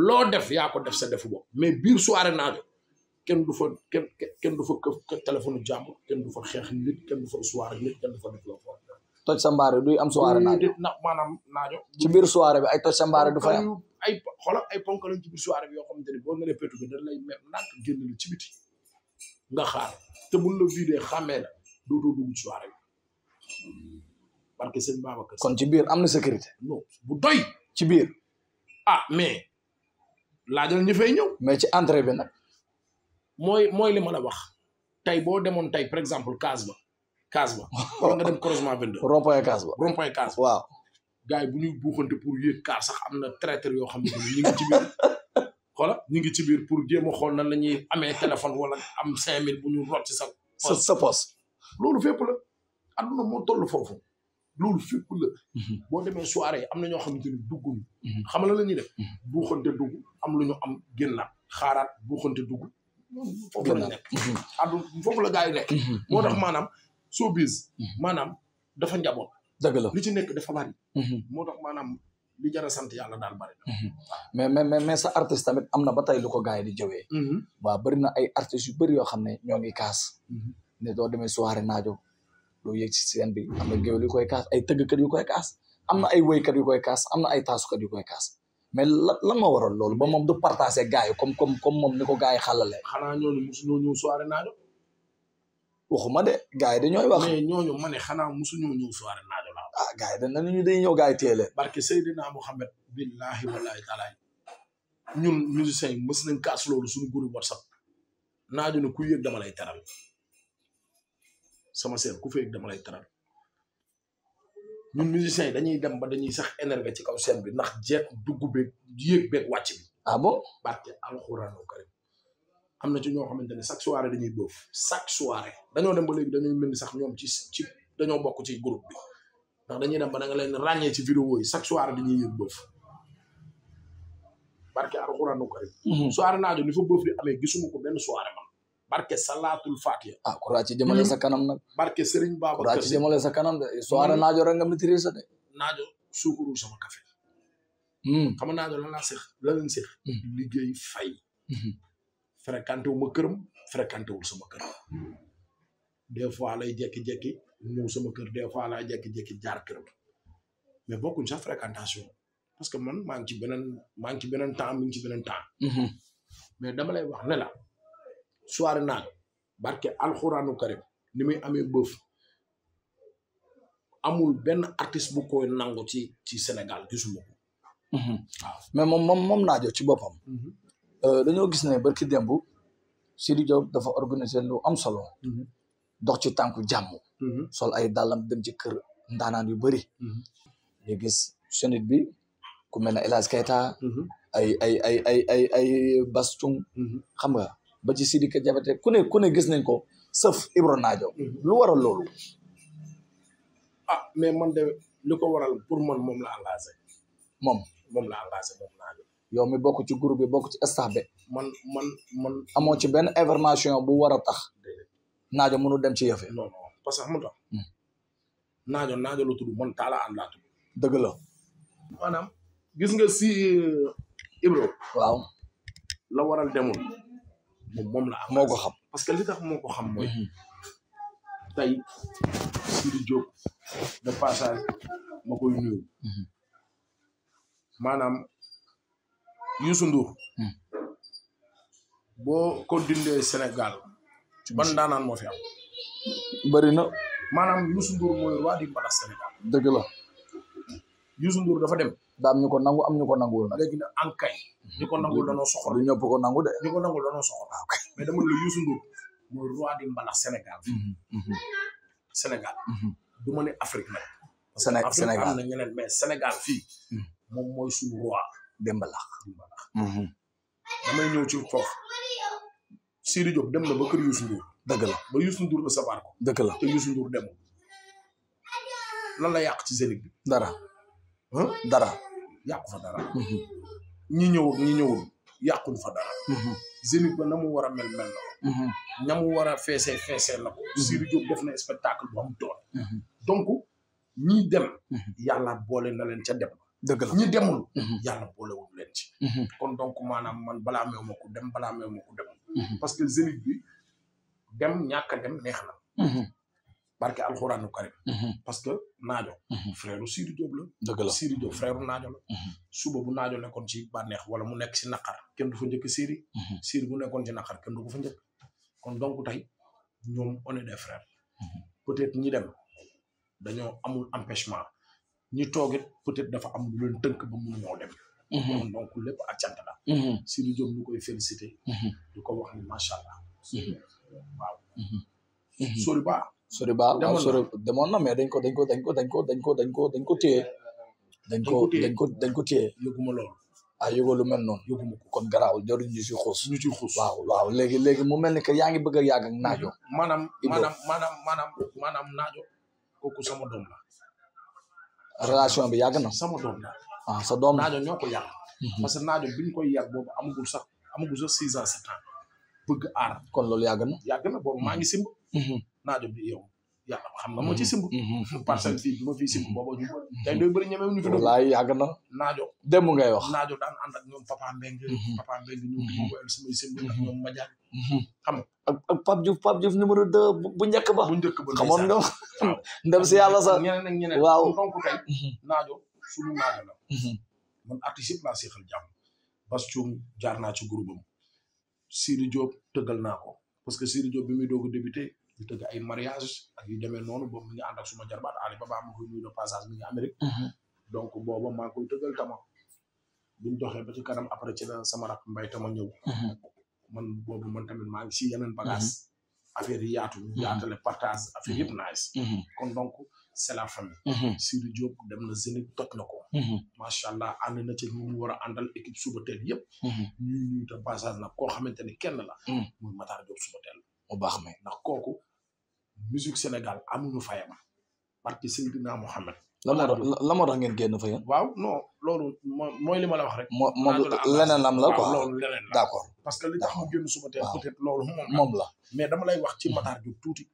loo def yaa ko def sa defu bopp mais biir naa naajo kenn du fa kenn kenn du fa këf téléphone jàmbur kenn du fa xeex nit kenn du fa soirée nit kenn du fa def loo toj sa mbaare duy am soirée naajo na maanaam naajo ci biir soirée bi ay toj sa du fay am ay xoolal ay ponk lañ ci biir bi yoo xamante ne boo naree pétu bi lay mem nànk génn la ci biti nga xaar te buñ la videe xàmmee la dootoo dugg ci biir am na sécurité non bu doy ci biir ah mais laajal ñu fay ñëw mais ci entrée bi nag mooy mooy li ma wax tey boo demoon tey par exemple case ba kaas ba <laughs> wala nga dem croisement 22. rond-point kaas ba rond-point kaas bu ñuy buuxante pour yéeg kaas sax am na traiteur yoo xam ne ñu ngi ci biir xoola <laughs> ñu ngi ci biir pour jéem xool nan la ñuy amee téléphone wala am 5000 bu ñu rot ci sa. sa sa loolu fépp la adduna moo toll foofu loolu fépp la. Mhm. boo demee soirée am na ñoo xamante ni dugguñu. Mhm. xam la la ñuy def. Mhm. buuxante dugg am lu ñu am génnaat xaaraat buuxante dugg. foofu la ñu la gars yi moo tax maanaam. showbiz. Mhm. maanaam dafa njaboot. dëgg la li ci nekk dafa bari. Mhm. moo tax maanaam li jar a sant yàlla daal bari na. Mhm. mais sa artiste tamit am na ba tey lu ko gars yi di jëwee. waaw bari na ay artistes yu bari yoo xam ne ñoo ngi kaas. doo demee soirée na géwél yu koy kaas ay tëggkat yu koy kaas am na ay woykat yu koy naajo. waxuma de gars yi dañooy wax. mais ñooñu ma ne xanaa musuñu ñëw soirée naa la. ah gars yi na ñu day ñëw gars yi teel barke Seydina Mohamed billahi wallahi taala ñun musiciens yi mës nañ kaas loolu suñu groupe WhatsApp naajo ne ku yëg dama lay taral sama sœur ku feeg dama lay taral ñun musiciens yi dañuy dem ba dañuy sax énerge ci kaw scène bi ndax jeet dugg beeg yéeg beeg wàcc bi. ah bon barke alxuraanu karim am na ci ñoo xamante ne chaque soirée dañuy bëf chaque soirée dañoo dem ba léegi dañuy mel sax ñoom ci ci dañoo bokk ci groupe bi ndax dañuy dem ba da nga leen ràññee ci vidéo yi chaque soirée dañuy yëg bëf barke alxuraanu karim mhm. soirée naajo ni fa bëf amee gisuma ko benn soirée man barke salaatul fatiha ah kuraa ci jëmale sa kanam nag barke Serigne Baba kuraa sa kanam de soirée mm. naajo rek nga maîtriser de naajo suukaru sama café mm. xam nga naajo lan laa séex la leen mm. liggéey fay mm-hmm. fréquenté wu ma këram fréquenté wul sama kër des fois lay jékki-jékki ñëw sama kër des fois lay jékki-jékki jaar këram mais bokkuñ sax fréquentation parce que man maa ngi ci beneen maa ngi ci beneen temps mi ngi ci beneen temps. Mhm. mais dama lay wax ne la soirée barke alxuraanu karim ni muy amee bëf amul benn artiste bu koy nangu ci ci Sénégal gisuma ko. Mhm. waaw mais moom moom moom naajo ci boppam. Mhm. Euh, dañoo gis ne barki démb Sidi Diop dafa organiser lu am solo. Mhm. dox ci tànku jàmm. Mhm. sol ay dàllam dem ci kër yu bari ñu mhm. gis senit bi ku mel ne El Hadj Keita. ay ay ay ay ay ay Bastung. xam nga ba ci Sidiki ku ne ku ne gis nañ ko sëf Ibro Naajo. lu waral loolu. ah mais man de li ko waral pour man moom la engagé. moom moom la engagé yow mi bokk ci groupe bi bokk ci staff man man man amoo ci benn information bu war a tax naajo mënul dem ci yëf yi non non parce que xamul hmm. naajo naajo la tudd man taala ànd laa tudd dëgg la maanaam gis nga si euh, Ibro waaw la waral demul moom moom la am moo ko que li tax moo ko xam mooy hmm. tey Sidi Diop de passage ma koy nuyu hmm. Youssou Ndour hmm. boo ko dindee Sénégal ban daanaan moo fi am bëri na maanaam Youssou Ndour mooy roi du Sénégal la Youssou Ndour dafa dem daam ñu ko nangu am ñu ko nanguwul nag léegi nag ankay ñu ko nangul danoo soxor du ñëpp ko nangu de ñu ko nangul danoo soxor ah, mais dama la Youssou Ndour mooy roi du mbalax Sénégal hmm, hmm, ma ne Afrique am na ñeneen mais Sénégal fii moom mooy suñu roi Dembalax. Mhm. damay ñëw ci foofu. Sidi Diop dem na ba kër Youssou Ndour. dëgg la ba Youssou Ndour ba sabar ko. dëgg la te Youssou Ndour dem lan la yàq ci Zénith bi. dara. dara. yàqu fa dara. ñi mhm. ñëw ñi ñëwul yàquñ fa dara. Mhm. Zénith ba na mu war a mel mel na mu war a feesee feesee na ko. Sidi Diop def na spectacle bu am doole. donc ñi dem. yàlla boole na leen ca dem. dëgg la ñi demul. Mhm. yàlla boolewul leen ci. Mhm. kon donc maanaam man balaa meew ma ko dem balaa meew ma ko dem. Mhm. parce que zénith bi dem ñàkk a dem neex na. barke alxuraanu karim parce que naajo frère Sidi Diop la dëgg la Sidi Diop naajo la suba bu naajo nekkoon ci bànneex wala mu nekk si naqar kenn du fa njëkk Sidi Sidi bu nekkoon ci naqar kenn du ko fa njëkk kon donc tey ñoom on de des peut-être ñi dem dañoo amul empêchement ñi toogit peut-être dafa am lu tënk ba mun ñoo dem. Mhm. donc lépp ak cant si mhm. Sidy Diop ñu koy félicité. Mhm. di ko wax ni macha allah. waaw. Soriba. Soriba waaw Soriba demoon na mais dañ ko dañ ko dañ ko dañ ko dañ ko dañ ko dañ ko téye. Euh, dañ ko dañ ko dañ ko téye yëguma lool. ah yëgoo lu mel noonu yëguma ko kon garaawul jarul ñu ci xuus ñu ci xuus waaw waaw léegi léegi mu mel ni que yaa ngi bëgg yàgg ak naajo maanaam maanaam maanaam maanaam maanaam naajo kooku sama doom relation bi yàgg na. sama doom la. ah sa doom naajo ñoo ko yàq. parce que naajo bi ñu koy yàq boobu amagul sax amagul sax six ans sept ans bëgg aar. kon loolu yàgg na. yàgg na boobu maa ngi simb. naajo bi yow yàlla xam nga moo ci simb. parcelle fii bi ma fii simb boobu ñu tey doy bëri ñeme ñu fi doon. walaay yàgg na. naajo démb daan ànd ak papa Mbengue. papa Mbengue ñoom di ma wéyal samay simb ak Mhm. xam ak ak Pape Diouf Pape Diouf numéro bu njëkk ba. bu njëkk ba xamoon nga <laughs> ndem si yàlla sax. ñeneen ak ñeneen waaw donc mhm. naajo suñu naajo la. Mhm. man artiste yëpp laa seexal jàmm. Bass Thioung jaar naa ci groupe am. Sidi Diop tëggal naa ko parce que Sidi Diop bi muy doog a débuté di ay mariage ak yu demee noonu boobu mi ngi ànd ak suma jarbaat Ali Baba ma koy nuyu de passage mi ngi Amérique. donc booba maa koy tëggal tama. buñ doxee ba ci kanam après ci sama rakk mbay tama ñëw. man boobu man tamit maa si yeneen mhm. bagage affaire yi yaatu ñu mhm. yaatale partage affaire yëpp mhm. nice kon donc c'est la famille Sidy Diop dem na Zénith toj na ko macha allah ànd na ca ñu ñu war a àndal équipe Subatel yëpp ñuy ñuy te passage nag koo xamante ne kenn la muy Matar Diop Subatel mu baax ma ndax kooku musique Sénégal amuñu fayama parce que Seydina Mohamed la a tax la moo tax ngeen génn fa yéen. waaw non loolu mooy li ma la wax rek. moom moom leneen am la ko loolu leneen la d' accord. parce que li tax mu génn suba teel peut être loolu moom la. mais dama lay wax ci Matar Diop tuuti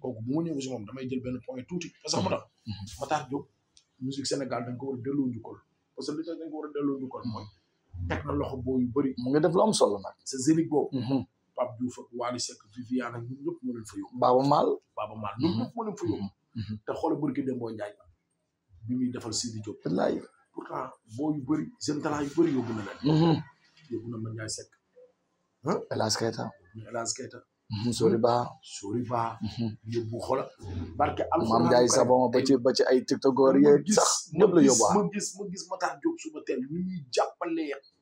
kooku bu ma ñëwee si moom damay jël benn point tuuti parce que mu tax mm-hmm. Matar Diop musique Sénégal dañ ko war a delloo njukkal parce que li tax dañ ko war a na loxo boo yu bëri. mu ngi def lu am solo nag. c' est Zénith boobu. Mm-hmm. Pape Diouf ak Wally Seck Viviane ak ñun ñëpp moo leen fa yóbbu. Baba Maal Baba Maal ñun ñëpp moo leen Mm-hmm. te xool burki Demba Ndiaye la bi muy defal Sidi Diop. wallaay pourtant boo yu bëri seen talent yu bëri na leen. Mm-hmm. yóbbu na Mandiaye Seck. ah El Hadj Keita. El Hadj Keita. Mm-hmm. Sori Ba. Sori Ba. yóbbu ci ay tiktokeur yeeg sax ñëpp la yóbbu ma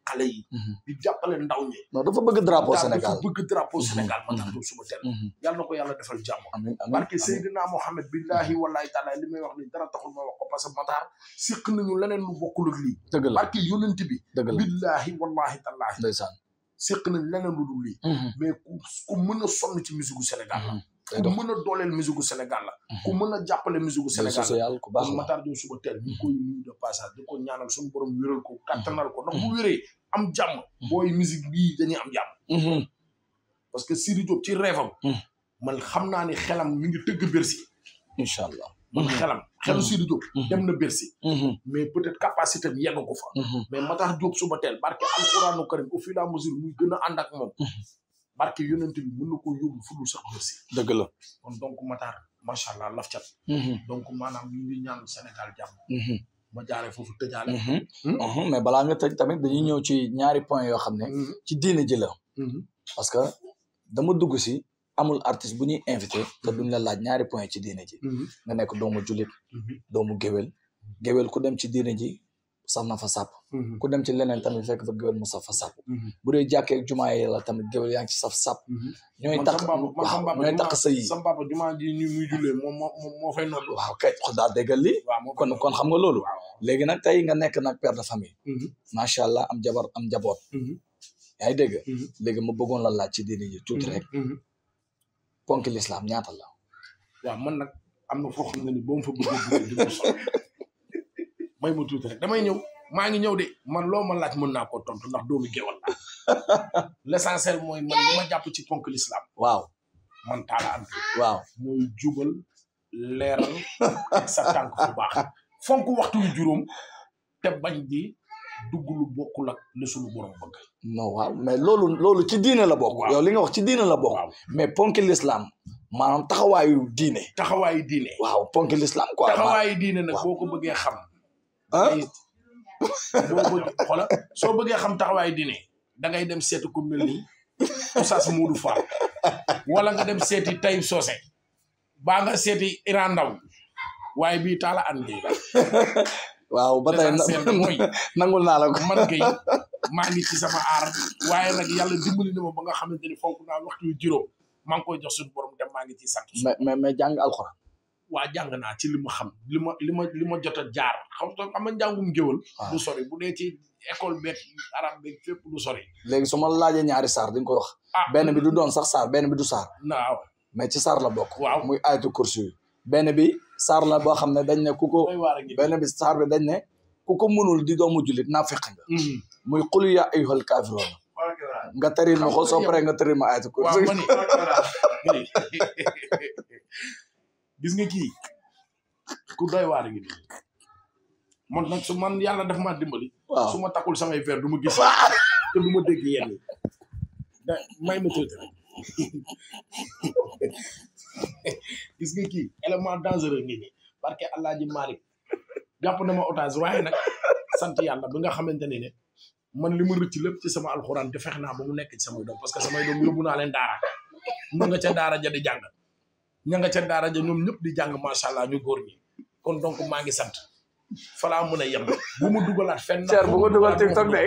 xale yi mhm. di jàppale ndaw ñi dafa bëgg drapeau Sénégal dafa bëgg drapeau mhm. Sénégal ma tax mhm. du suma na defal jàmm barke Seydina Mohamed billahi wallahi taala li may wax ni dara taxul ma wax ko Matar siq nañu leneen lu bokkul ak barke yonent bi dëgg billahi wallahi tallahi ndeysaan leneen lu dul lii mais ku ku mën a Sénégal la ku mën a dooleel Sénégal la ku mën a jàppale Sénégal la Matar Diop suba teel ñu koy nuyu de passage di ko ñaanal suñu am jàmm. Mm-hmm. booy musique bii dañuy am jàmm. Mm-hmm. parce que Sidy Diop ci rêvam. Mm-hmm. man xam naa ne xelam mi ngi tëgg Bercy. incha allah man xelam. xelu Sidy Diop. dem na Bercy. mais peut-être capacité bi yegg ko fa. mais Matar Diop suba teel barke alxuraanu karim au fur et à mesure muy gën a ànd ak moom. barke yonent bi mën na koo yóbbu fudul sax Bercy. dëgg kon donc Matar macha allah laf cat. donc maanaam ñu ngi Sénégal jàmm. ma jaaree foofu tëjaale. Mhm. Hmm? Mhm. mais balaa nga tëj tamit dañuy ñëw ci ñaari point yoo xam ne. Hmm. ci diine ji la. Hmm. parce que dama dugg si amul artiste bu ñuy invité te duñ la laaj ñaari point ci diine ji. nga nekk doomu jullit. doomu géwél géwél ku dem ci diine ji saf na fa sàpp mhm. ku dem ci leneen tamit fekk fa géwél mu saf fa sàpp mhm. bu dee jàkkee jumaa yi tamit géwél yaa ci saf sàpp mhm. ñooy takk waaw ñooy takk sa yi sama papa jumaa ji ñu muy jullee moom moo moo fay nodd waaw kay wax daa déggal kon xam nga loolu léegi nag tey nga nekk nag père de famille macha allah am jabar am jaboot yaa ngi dégg léegi ma bëggoon la laaj ci diini ji tuuti rek ponk lislaam ñaata la waaw man nag am na foo xam ne ni boo ma fa bëgg <laughs> may ma tuuti rek damay ñëw maa ngi ñëw de man loo ma laaj mën naa ko tontu ndax doomu géwal la <laughs> l'essentiel mooy man ma jàpp ci ponk l'islam waaw man taala am waaw mooy jubal leeral sa tànk bu baax fonk waxtu yu juróom te bañ di dugg lu bokkul ak li suñu borom bëgg non waaw mais loolu loolu ci diine la bokk yow li nga wax ci diine la bokk mais ponk l'islam maanaam taxawaayu diine taxawaayu diine waaw ponk l'islam quoi taxawaayu diine nag boo ko bëggee xam ah soo bëggee xam taxawaay diine dangay dem seetu ku mel ni Oustaz Modou Fall wala nga dem seeti Taïb soose baa nga seeti Iran Ndaw waaye bii taala andi waaw ba tey nangul naa la ko man kay maa ngi ci sama aar waaye nag yàlla dimbali na ba nga xam ni fonk naa waxtu yu juróom maa ngi koy jox suñu borom dem maa ngi ci sant mais jàng alxuraan waa jàng naa ci li ma xam li ma li ma li ma jot jaar xam nga am na njàngum géwal du sori bu dee ci école beeg arab beeg fépp du sori léegi su ma laajee ñaari saar di nga ko wax ah. benn bi du doon sax saar benn bi du saar waaw mais ci saar la bokk waaw muy ayatu kursi yi benn bi saar la boo xam ne dañ ne ku ko benn bi saar bi dañ ne ku ko mënul di doomu jullit naa feq nga mhm. muy qul ya ayyuhal nga taril ma ko soo paree nga taril ma ayatu kursi <laughs> <laughs> gis nga kii ku doy waar ngi nii nag su man yàlla def maa dimbali. waaw su ma takkul samay verre du ma gis. <laughs> te du ma dégg yenn may ma tuuti rek <laughs> gis nga kii élément ngi nii parce que El Hadj Malick jàpp na ma otage waaye nag sant yàlla bi nga xamante ne ne man li ma rëcc lépp ci sama alxuraan te fex naa mu nekk ci samay doom parce que samay doom yóbbu naa leen daara mu nga ca daara ja di jàng. ña nga ca daara ja ñoom ñëpp di jàng macha allah ñu góor ñi kon donc maa ngi sant falaa mën a yem bu mu dugalaat fenn. Thierre bu ma dugal TikTok de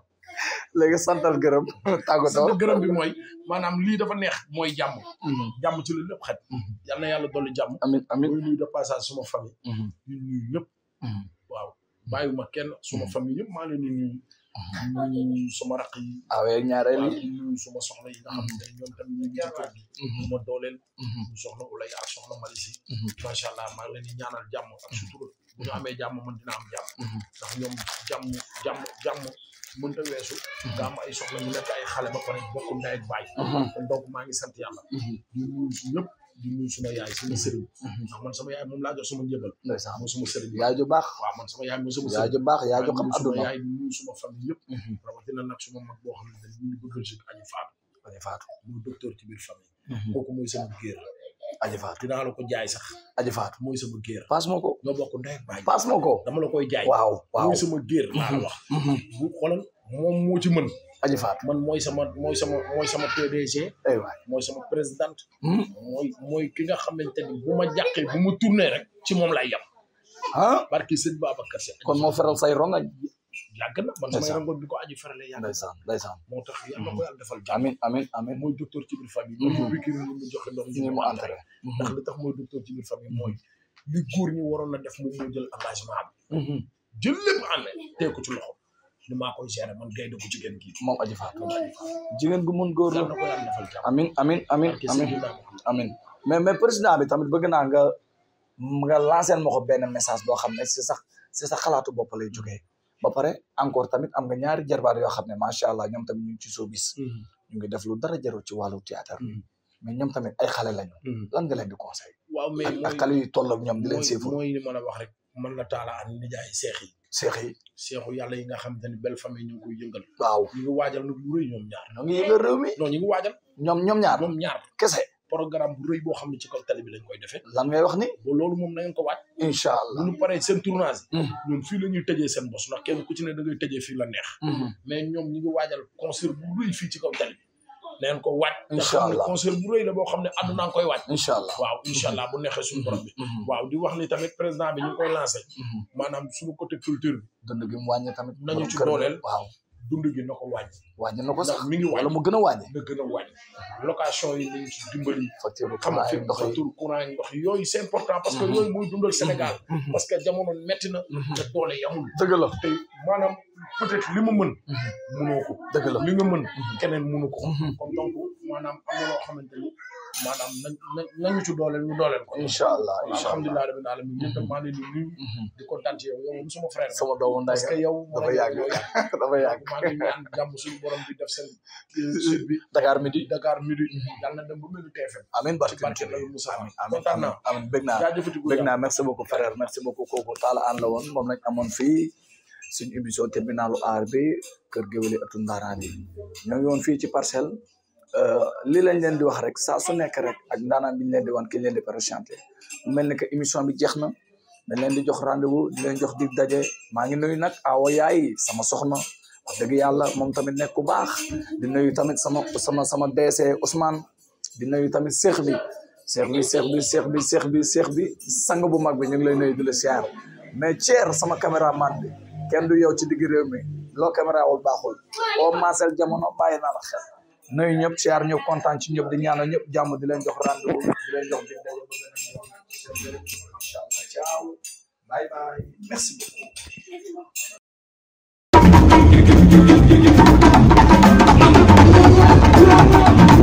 <laughs> léegi santal gërëm tàggatoo sant gërëm bi mooy maanaam lii dafa neex mooy jàmm mhm. jàmm ci lu lépp xet mhm. yal na yàlla dolli jàmm a amin muy nuyu de passage suma famille ñu mhm. nuyu ñëpp waaw kenn suma famille yëpp maa ngi leen di di nuyu suma raq ah, yi. waaw ñaareel yi di nuyu suma soxla yi nga xam ne ñoom tamit ñu ngi ci kër gi. du ma dooleel. du soxla wala yaa soxla allah maa leen ñaanal jàmm ak sutura. bu ñu amee jàmm dina am jàmm. ndax ñoom jàmm jàmm jàmm mënta weesu. nga am ay soxla ñu nekk ay xale ba pare bokk ndey ak baay. kon donc maa ngi sant yàlla. di ñëpp. di nuyu suma yaay suma mhm. sëriñ mhm. ndax man sama yaay moom laa jox sama njëbal ndeysaan moom suma sëriñ yaay ju baax waaw man sama yaay moom sama sëriñ yaay ju baax yaay ju xam àdduna yaay di nuyu suma famille yëpp mhm. rawatina nag suma mag boo xam ne ñu ngi bëggal si aji faatu aji faatu muy docteur ci biir famille kooku mooy sama géer aji faatu dinaa la ko jaay sax aji faatu mooy sama géer paas ma ko ñoo bokk ndey ak baay paas ma ko dama la koy jaay waaw waaw mooy sama géer maa la wax bu xoolal moom moo ci aji faatu man mooy sama mooy sama mooy sama PDG. aywa mooy sama présidente. mooy mooy ki nga xamante ni bu ma jàqee bu ma tourné rek ci moom lay yem. ah barki sëñ Babacar Si. kon moo faral say ronga. a na man samay rangoon bi ko aji farale yàgg. ndeysaan ndeysaan moo tax yàlla ko yàlla defal jàmm. amiin mooy docteur ci biir famille. mooy bu mm-hmm. kii mu joxe ndox mi mu entré. Mm-hmm. ndax li tax mooy docteur ci biir famille mooy li góor ñi waroon na def moom moo jël engagement bi. Mm-hmm. jël lépp ànd teg ko ci loxo. lu maa koy gérer man gaynde jigéen gi moom aji faatu jigéen gu mun góor la amin amin amin amin amin mais mais président bi tamit bëgg naa nga nga lancer ma ko benn message boo xam ne si sax si sax xalaatu bopp lay jógee ba pare encore tamit am nga ñaari jarbaar yoo xam ne macha allah ñoom tamit ñu ngi ci showbiz mm-hmm. ñu ngi def lu dara jarul ci wàllu théâtre mm-hmm. mais ñoom tamit ay xale lañu mm-hmm. lan nga leen di conseil waaw mais ak xale yu toll ak ñoom di leen séefu mooy li ma la wax rek man la taala an nijaay seex yi seex yi. seexu yàlla yi nga xamante ni belle famille ñu ngi koy yëngal. waaw ñu ngi waajal lu rëy ñoom ñaar. ñu ngi yëngal mi non ñu ñoom ñoom ñaar ñoom ñaar kese. programme bu rëy boo xam ne ci kaw tali bi lañ koy defee. lan ngay wax ni. ba loolu moom na ngeen ko waaj. incha allah bu ñu paree seen tournage. Hmm. ñun fii la ñuy tëjee seen bos ndax kenn ku ci ne da ngay tëjee fii la neex. Hmm. mais ñoom ñu ngi waajal concert bu ci kaw tali leen ko waaj incha allah nga concert la boo xam ne àdduna nga koy waaj incha allah waaw incha allah bu neexee suñu borom bi mm-hmm. Mm-hmm. waaw di wax ni tamit président bi ñu koy lancé mm-hmm. maanaam suñu côté culture bi dund gi mu wàññi tamit nañu ci dooleel waaw dund gi na ko wàññi. wàññi na ko sax mi ngi a wàññi. na gën a wàññi location yi nañ ci dimbali. facture courant yi ndox yi courant yi ndox yooyu c'est important. parce que mm-hmm. yooyu mooy dundal mm-hmm. Mm-hmm. yamul. dëgg la te maanaam mën. mënoo ko. dëgg mën. keneen mënu ko. kon donc maanaam am na maanaam nañu ci dooleel ñu dooleel ko. incha allah incha allah alhamdulilah rabbil alamin ñun tam maa ngi leen di nuyu. Mhm. di kontaan ci yow yow moom sama frère. sama doomu ndax parce que yow. dafa yàgg <laughs> dafa yàgg maa ngi ñaan jàmm suñu borom bi def seen. sud na dem ba melu la Moussa amiin amiin amiin bëgg naa bëgg naa merci beaucoup frère merci beaucoup kooku Talla Anne la woon moom lañ amoon fii. suñu émission terminalu aar bi kër géwél atu ndaaraan yi ñoo ngi woon fii ci parcelle Euh, li lañ leen di wax rek saa su nekk rek ak ndaanaan bi ñu leen di wan ki ñu leen di présenté mu mel ni que émission bi jeex na dañ leen di jox rendez-vous di leen jox dig daje maa ngi nuyu nag awa yaay sama soxna wax dëgg yàlla moom tamit nekk ku baax di nuyu tamit sama sama sama DC Ousmane di nuyu tamit seex bi seex bi seex bi seex bi seex bi seex bi sang bu mag bi ñu ngi lay nuyu di la siyaar mais Thier sama caméraman bi kenn du yow ci digg réew mi loo caméra wul baaxul boo maaseel jamono bàyyi naa la nuyu ñëpp siyaar ñëpp kontaan ci ñëpp di ñaanal ñëpp jàmm di leen jox rendez di leen jox dig daje merci